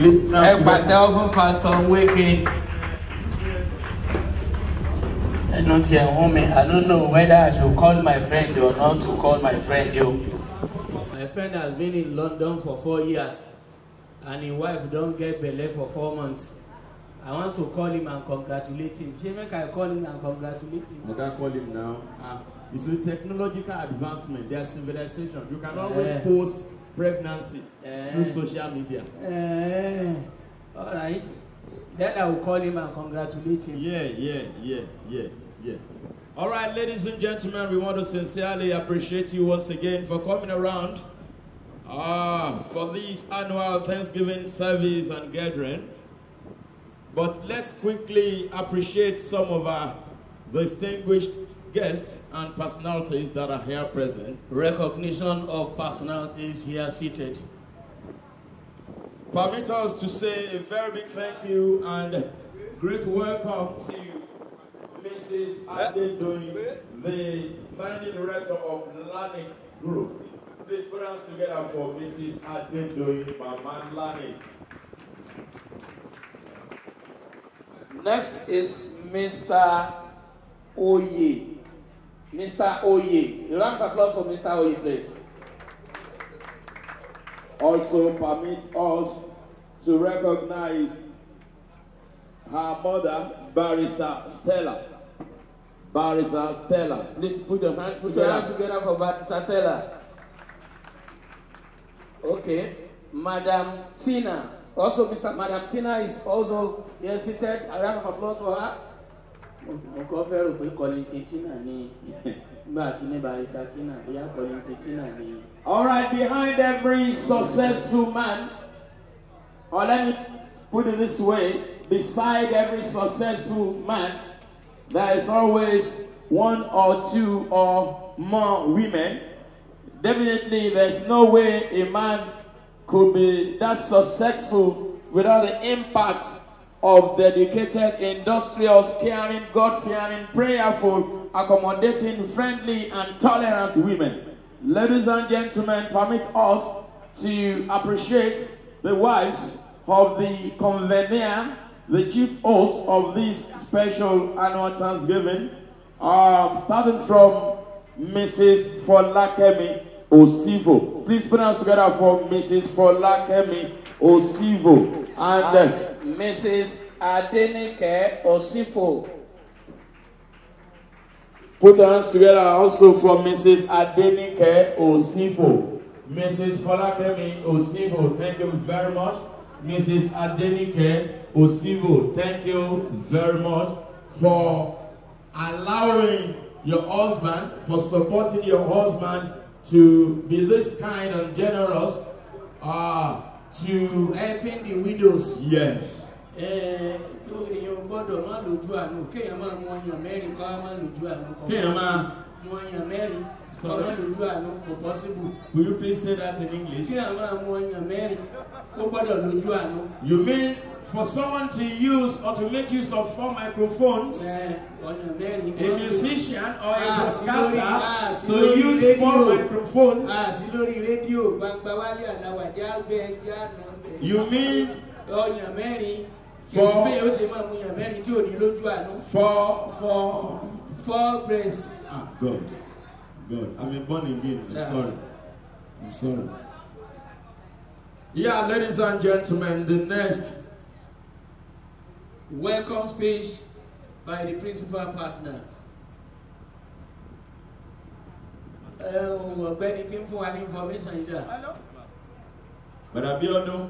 ẹ pàtẹ́wọ́ fún pásítọ̀ Wéke ẹnu tí ẹ hún mi I don't know whether I should call my friend or not to call my friend o. My friend has been in London for four years and his wife don't get belay for four months. I want to call him and congratulate him. Ṣé make I call him and congratulate him? I can call him now. Ah, it's a technological advancement. There's civilization. You can always yeah. post pregnancy eh. through social media. Eh. All right. Then I will call him and congratulate him. Yeah, yeah, yeah, yeah, yeah. All right, ladies and gentlemen, we want to sincerely appreciate you once again for coming around uh, for this annual Thanksgiving service and gathering. But let's quickly appreciate some of our distinguished guests and personalities that are here present, recognition of personalities here seated. Permit us to say a very big thank you and great welcome to Mrs. Adedoyin, the managing director of Lani Group. Please put us together for Mrs. Adedoyin Maman Lani. Next is Mr. Oye. Mr. Oye. round of applause for Mr. Oye, please. Also permit us to recognize her mother, Barrister Stella. Barrister Stella. Please put your hands together. Put your hands together for Barrister Stella. Okay. Madam Tina. Also, Mr. Madam Tina is also here seated. A round of applause for her mo kọ́ fẹ́ rò pé Titina ni tí ní bóyá Titina ni. all right behind every successful man or let me put it this way beside every successful man there is always one or two or more women definitely there's no way a man could be that successful without the impact of dedicated, industrious, caring, God-fearing, prayerful, accommodating, friendly, and tolerant women. Ladies and gentlemen, permit us to appreciate the wives of the convener, the chief host of this special annual Thanksgiving, um, starting from Mrs. Folakemi Osivo. Please put us together for Mrs. Folakemi Osivo. And... Uh, Mrs. Adenike Osifo. Put hands together also for Mrs. Adenike Osifo. Mrs. Falakemi Osifo, thank you very much. Mrs. Adenike Osifo, thank you very much for allowing your husband, for supporting your husband to be this kind and generous. Uh, to helping the widows. yes. Eh, èèyàn gbọ́dọ̀ má lójú àánú kéèyàn máa mọ ọyàn mẹ́rin kọ́ má lójú àánú kọ́ kéèyàn máa mọ ọyàn mẹ́rin kọ́ má lójú àánú kò possible. will you please say that in English. kéèyàn máa mọ ọyàn mẹ́rin ó gbọ́dọ̀ lójú àánú. you mean for someone to use or to make use of four microphones, a musician or a ah, broadcaster ah, to use four microphones, ah, you mean oh, for, for, for, for praise. Ah, God. God. I'm a born again. I'm sorry. I'm sorry. Yeah, ladies and gentlemen, the next welcome speech by the principal partner. ọ̀gbẹ́ni tí ń fún wa ní information yìí dà. bọ̀dà bí ọdún.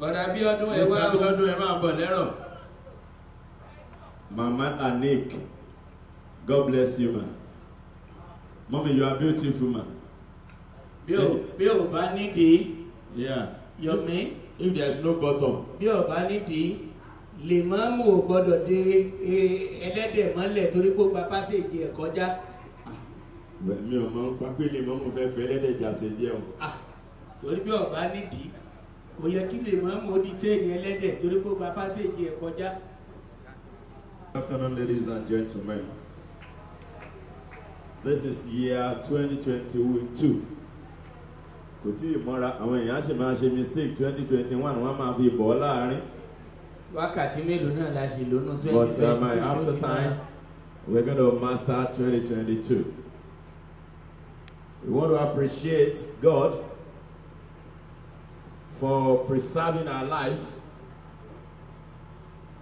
bọ̀dà bí ọdún ẹ wá o. mr bí ọdún ẹ máa bọ̀ lẹ́rọ̀. mama anik god bless you ma. mommy you are beautiful ma. bí o eh? bí o bá nídìí. yeah. yomi. if there is no bottom. bí o bá nídìí lèmọ́mù ò gbọ́dọ̀ de e, ẹlẹ́dẹ̀ mọ́lẹ̀ torí kó gba pásèjì ẹ̀ kọjá. mi ò mọ pápé lèmọ́mù fẹ́ fẹ́ ẹlẹ́dẹ̀ jàse díẹ̀ o. Ah, torí bí ọba nídìí kò yẹ kí lèmọ́mù ó di téèni ẹlẹ́dẹ̀ torí kó gba pásèjì ẹ̀ kọjá. Good afternoon, ladies and gentlemen. This is year 2022. Kò tí ì mọ́ra àwọn èèyàn ṣe máa ṣe mistake 2021 wọ́n máa fi bọ̀ láàrin. wákàtí mélòó náà la ṣe lónú uh, twenty but um, after time we're gonna master twenty twenty two we want to appreciate God for preserving our lives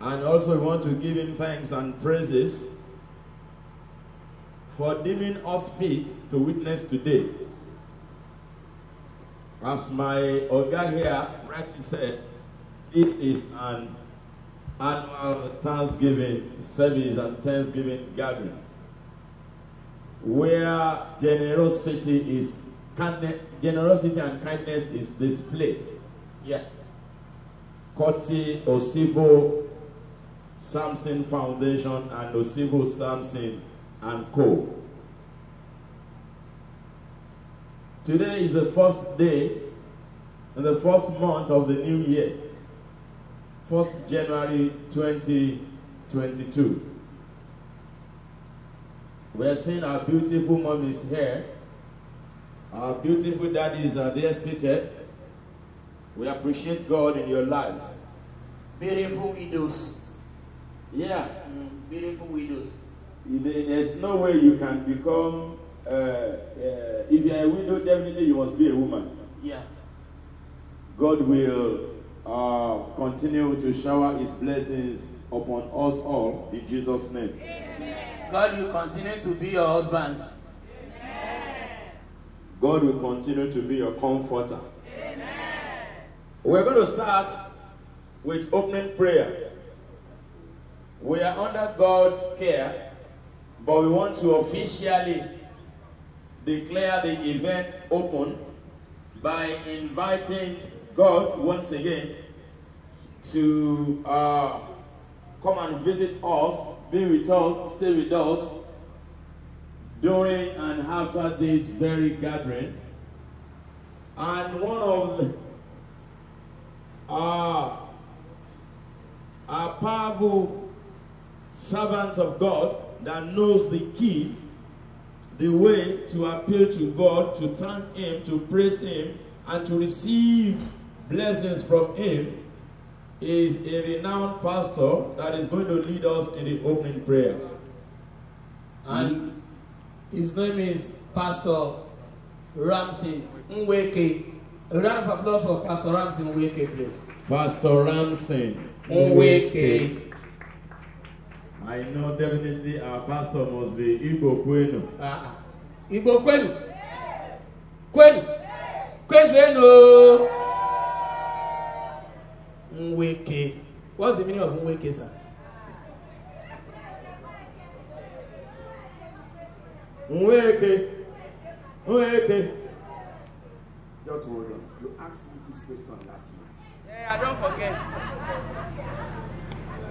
and also we want to give him thanks and praises for deeming us fit to witness today. As my Oga here rightly said, this is an annual Thanksgiving service and Thanksgiving gathering, where generosity is generosity and kindness is displayed. Yeah. Koti Osivo Samson Foundation and Osivo Samson and Co. Today is the first day and the first month of the new year. 1st January 2022. We're seeing our beautiful mummies here. Our beautiful daddies are there seated. We appreciate God in your lives. Beautiful widows. Yeah. Mm, beautiful widows. There's no way you can become, uh, uh, if you're a widow, definitely you must be a woman. Yeah. God will uh, continue to shower his blessings upon us all in Jesus' name. God will continue to be your husbands. God will continue to be your comforter. Amen. We're going to start with opening prayer. We are under God's care, but we want to officially declare the event open by inviting God once again to uh, come and visit us, be with us, stay with us during and after this very gathering. And one of the, uh, our powerful servants of God that knows the key, the way to appeal to God, to thank Him, to praise Him, and to receive blessings from him. He is a renowned pastor that is going to lead us in the opening prayer. And his name is Pastor Ramsey Mweke. A round of applause for Pastor Ramsey Mweke, please. Pastor Ramsey Mweke. I know definitely our pastor must be Igbo Kwenu. Uh-uh. Igbo Kwenu? Kwenu? Kwenu? Eh, Nweke. What's the meaning of Nweke, sir? Nweke. Nweke. Just hold on. You asked me this question last year. Yeah, I don't forget.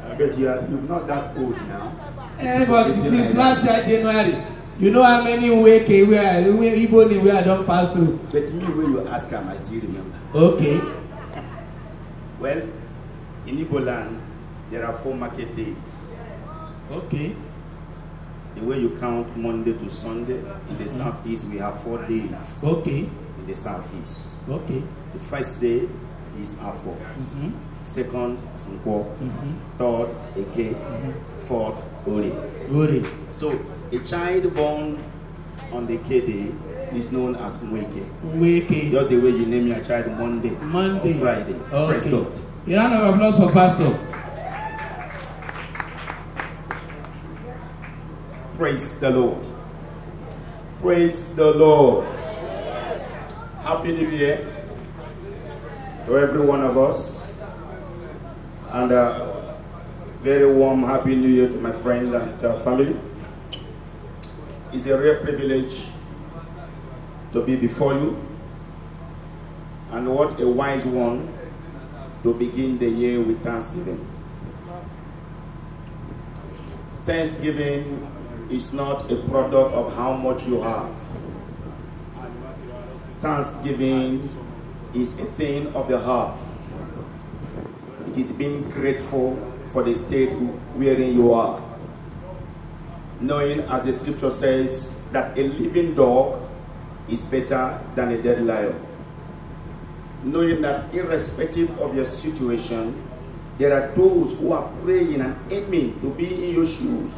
I bet you are, you're not that old now. Eh, but since last year, January, you know how many Nweke we are, Igbo we I don't pass through. But me, when you ask him, I still remember. Okay. Well, in Igbo land, there are four market days. Okay. The way you count Monday to Sunday, in the mm-hmm. southeast we have four days. Okay. In the southeast. Okay. The first day is Afo. Mm -hmm. Second, Nkwo. Mm -hmm. Third, Eke. Mm -hmm. Fourth, Ori. Ori. So, a child born on the K day is known as Weke. Weke. Just the way you name your child Monday. Monday. Friday. Okay. Praise God. A round of applause for Pastor. Praise the Lord. Praise the Lord. Happy New Year to every one of us. And a uh, very warm Happy New Year to my friend and uh, family. It's a real privilege to be before you, and what a wise one to begin the year with thanksgiving. Thanksgiving is not a product of how much you have. Thanksgiving is a thing of the heart. It is being grateful for the state wherein you are. Knowing, as the scripture says, that a living dog is better than a dead lion. Knowing that irrespective of your situation, there are those who are praying and aiming to be in your shoes.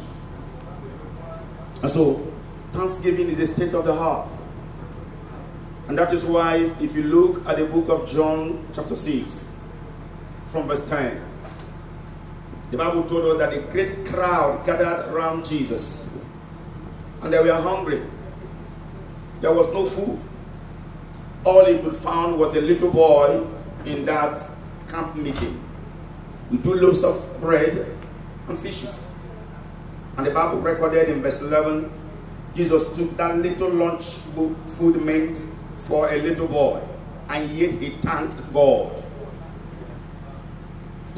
And so, thanksgiving is the state of the heart. And that is why, if you look at the book of John, chapter 6, from verse 10, the Bible told us that a great crowd gathered around Jesus, and they were hungry. There was no food. All he could find was a little boy in that camp meeting with two loaves of bread and fishes. And the Bible recorded in verse 11, Jesus took that little lunch food meant for a little boy, and yet he thanked God.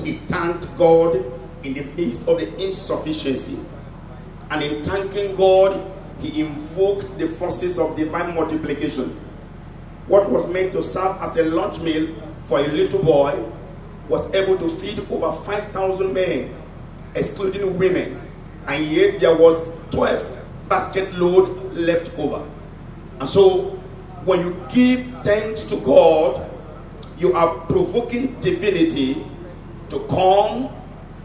He thanked God in the midst of the insufficiency. And in thanking God, he invoked the forces of divine multiplication. What was meant to serve as a lunch meal for a little boy was able to feed over 5,000 men, excluding women, and yet there was 12 basket load left over. And so, when you give thanks to God, you are provoking divinity to come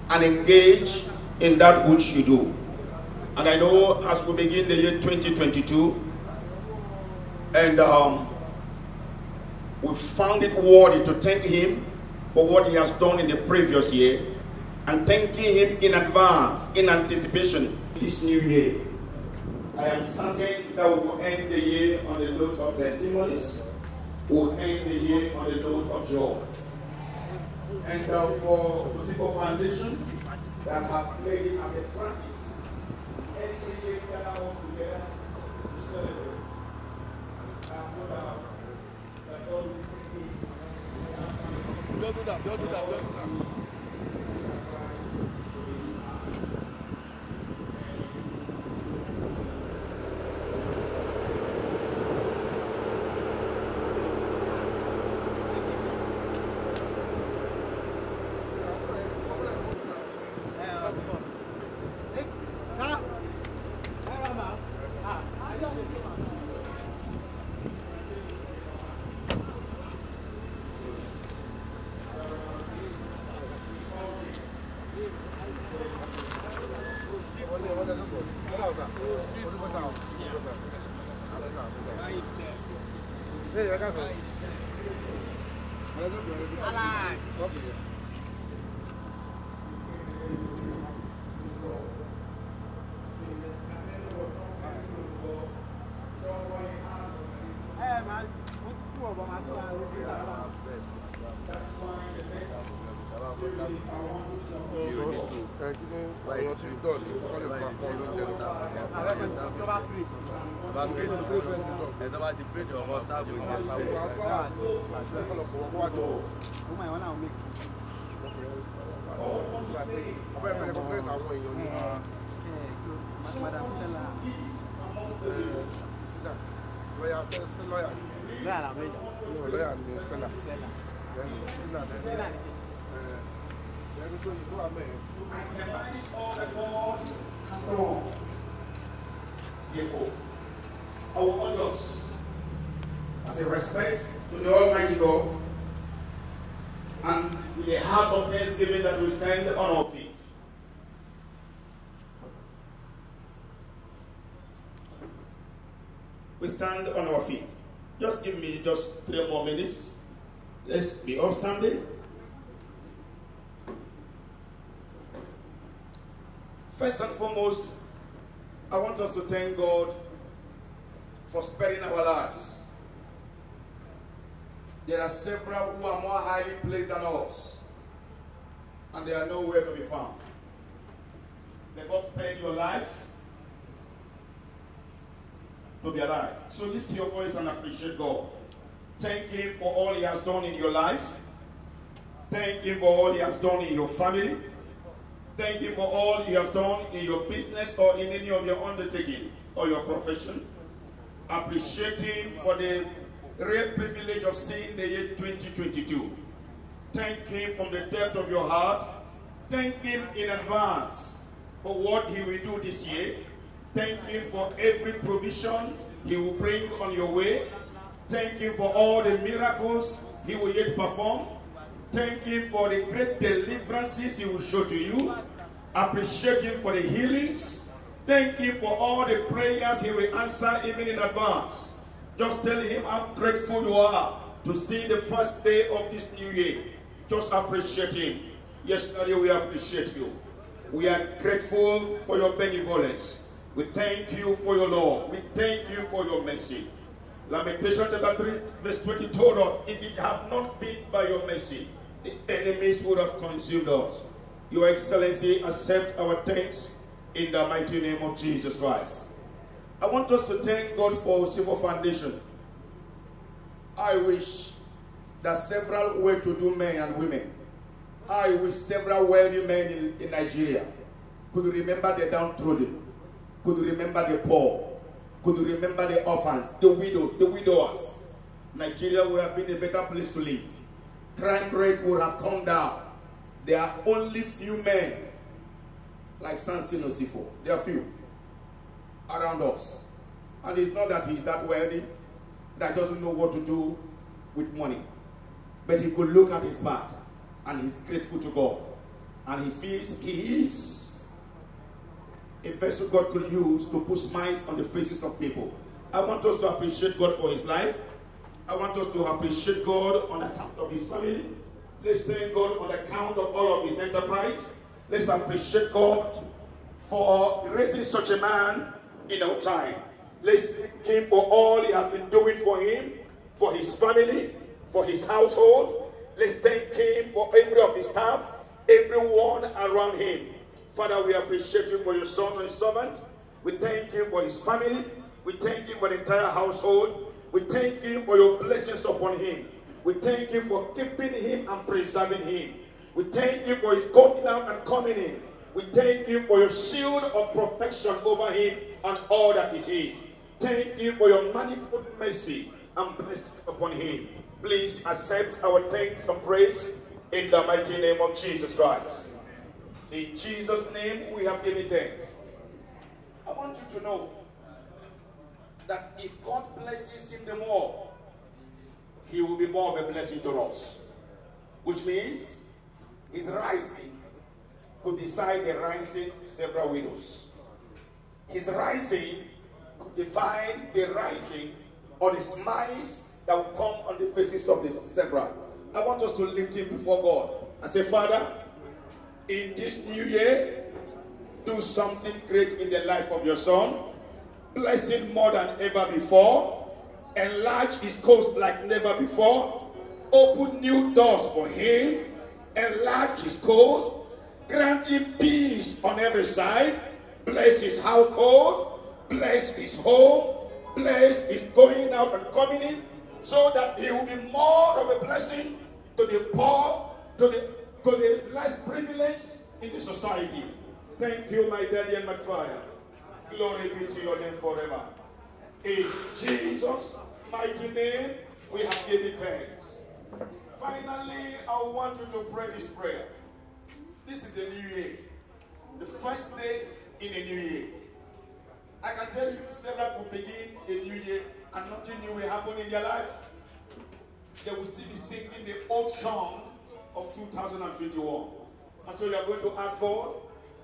and engage in that which you do. And I know as we begin the year 2022, and um, we found it worthy to thank Him for what He has done in the previous year and thanking Him in advance, in anticipation, this new year. I am certain that we will end the year on the note of testimonies. We will end the year on the note of joy. And uh, for Musical Foundation, that have made it as a practice do that, don't do that, don't do that. 对，要干什么？阿拉，我 over the bridge or what's up with this. Ọmọ ìwọ́n náà mi. Ọbẹ̀ ìfẹ́ kọ́pẹ́sì àwọn èèyàn ni. Madam Stella. Lọ́yà sí lọ́yà. Lọ́yà làwọn èèyàn. Lọ́yà ni Stella. Stella. Stella ni kejì. Ẹni tó yìí ló wà mẹ́rin. Identify all the God has done. Therefore, our conduct as a respect to the Almighty God and with a heart of thanksgiving that we stand on our feet. We stand on our feet. Just give me just three more minutes. Let's be upstanding. First and foremost, I want us to thank God for sparing our lives. There are several who are more highly placed than us, and they are nowhere to be found. They God paid your life to be alive. So lift your voice and appreciate God. Thank Him for all He has done in your life. Thank Him for all He has done in your family. Thank Him for all He has done in your business or in any of your undertaking or your profession. Appreciate Him for the real privilege of seeing the year 2022. Thank Him from the depth of your heart. Thank Him in advance for what He will do this year. Thank Him for every provision He will bring on your way. Thank Him for all the miracles He will yet perform. Thank Him for the great deliverances He will show to you. Appreciate Him for the healings. Thank Him for all the prayers He will answer even in advance. Just tell him how grateful you are to see the first day of this new year. Just appreciate him. Yesterday we appreciate you. We are grateful for your benevolence. We thank you for your love. We thank you for your mercy. Lamentation chapter 3, verse 20 told us, if it had not been by your mercy, the enemies would have consumed us. Your Excellency, accept our thanks in the mighty name of Jesus Christ. I want us to thank God for Civil Foundation. I wish that several well to do men and women, I wish several wealthy men in, in Nigeria could remember the downtrodden, could remember the poor, could remember the orphans, the widows, the widowers. Nigeria would have been a better place to live. Crime rate would have come down. There are only few men like Sansino Sifo. There are few around us. And it's not that he's that wealthy, that doesn't know what to do with money. But he could look at his back and he's grateful to God. And he feels he is a vessel God could use to put smiles on the faces of people. I want us to appreciate God for his life. I want us to appreciate God on account of his family. Let's thank God on account of all of his enterprise. Let's appreciate God for raising such a man in our time. Let's thank him for all he has been doing for him, for his family, for his household. Let's thank him for every of his staff, everyone around him. Father, we appreciate you for your son and servant. We thank him for his family. We thank him for the entire household. We thank him for your blessings upon him. We thank him for keeping him and preserving him. We thank him for his going out and coming in. We thank you for your shield of protection over him and all that is his. Thank you for your manifold mercy and blessing upon him. Please accept our thanks and praise in the mighty name of Jesus Christ. In Jesus' name, we have given thanks. I want you to know that if God blesses him the more, he will be more of a blessing to us. Which means his rising could decide the rising several widows. His rising could define the rising or the smiles that will come on the faces of the several. I want us to lift him before God and say, Father, in this new year, do something great in the life of your son. Bless him more than ever before. Enlarge his coast like never before. Open new doors for him. Enlarge his coast. Grant him peace on every side bless his household, bless his home, bless his going out and coming in, so that he will be more of a blessing to the poor, to the, to the less privileged in the society. Thank you, my daddy and my father. Glory be to your name forever. In Jesus' mighty name, we have given thanks. Finally, I want you to pray this prayer. This is the new year. The first day in a new year. I can tell you several will begin a new year and nothing new will happen in their life. They will still be singing the old song of 2021. And so you are going to ask God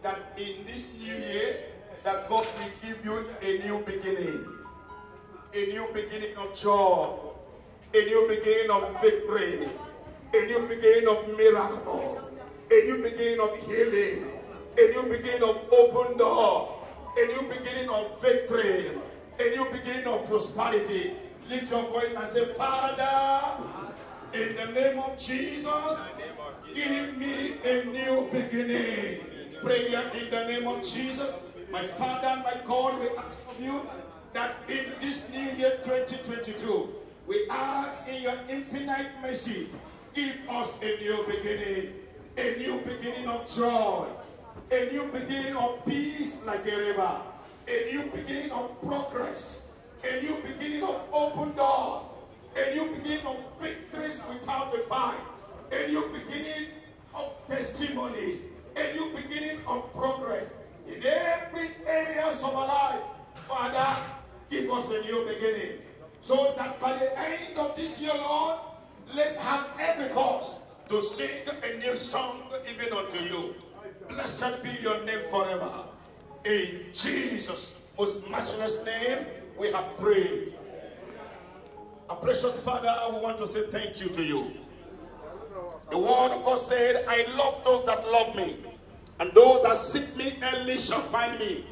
that in this new year, that God will give you a new beginning. A new beginning of joy. A new beginning of victory. A new beginning of miracles. A new beginning of healing a new beginning of open door, a new beginning of victory, a new beginning of prosperity. Lift your voice and say, Father, in the name of Jesus, give me a new beginning. Prayer in the name of Jesus. My Father and my God, we ask of you that in this new year 2022, we ask in your infinite mercy, give us a new beginning, a new beginning of joy, a new beginning of peace like a river, a new beginning of progress, a new beginning of open doors, a new beginning of victories without a fight, a new beginning of testimonies, a new beginning of progress in every areas of our life. Father, give us a new beginning. So that by the end of this year, Lord, let's have every cause to sing a new song even unto you. Blessed be your name forever. In Jesus' most matchless name, we have prayed. Our precious Father, we want to say thank you to you. The word of God said, I love those that love me, and those that seek me early shall find me.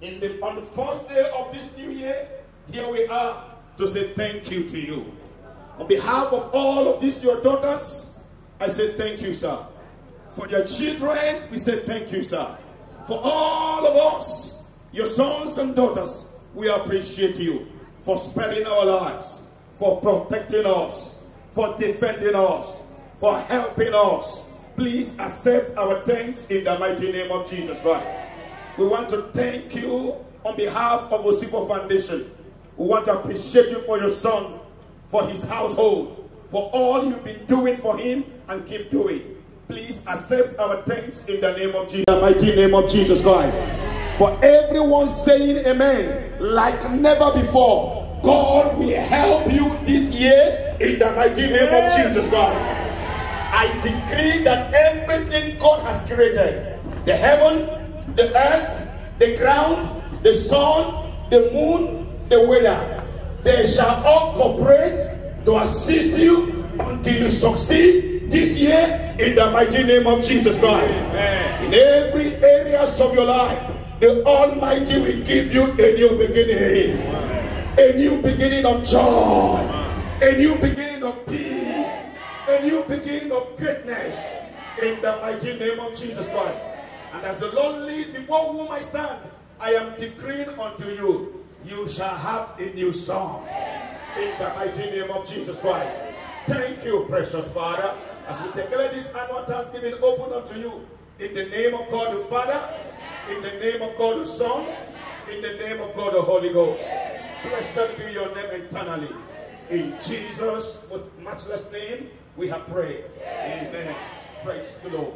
In the, on the first day of this new year, here we are to say thank you to you. On behalf of all of these, your daughters, I say thank you, sir. For your children, we say thank you, sir. For all of us, your sons and daughters, we appreciate you for sparing our lives, for protecting us, for defending us, for helping us. Please accept our thanks in the mighty name of Jesus Christ. We want to thank you on behalf of Osifo Foundation. We want to appreciate you for your son, for his household, for all you've been doing for him and keep doing. Please accept our thanks in the name of Jesus, the mighty name of Jesus Christ. For everyone saying amen, like never before, God will help you this year in the mighty name of Jesus Christ. I decree that everything God has created, the heaven, the earth, the ground, the sun, the moon, the weather, they shall all cooperate to assist you until you succeed this year in the mighty name of Jesus Christ. In every areas of your life, the Almighty will give you a new beginning. A new beginning of joy. A new beginning of peace. A new beginning of greatness. In the mighty name of Jesus Christ. And as the Lord leads, before whom I stand, I am decreeing unto you, you shall have a new song. In the mighty name of Jesus Christ. Thank you, precious Father. As we declare this annual thanksgiving open unto you, in the name of God the Father, in the name of God the Son, in the name of God the Holy Ghost. Blessed be your name eternally. In Jesus' most matchless name, we have prayed. Amen. Praise the Lord.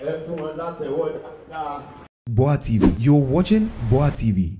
Everyone, that's a word. Boa TV. You're watching Boa TV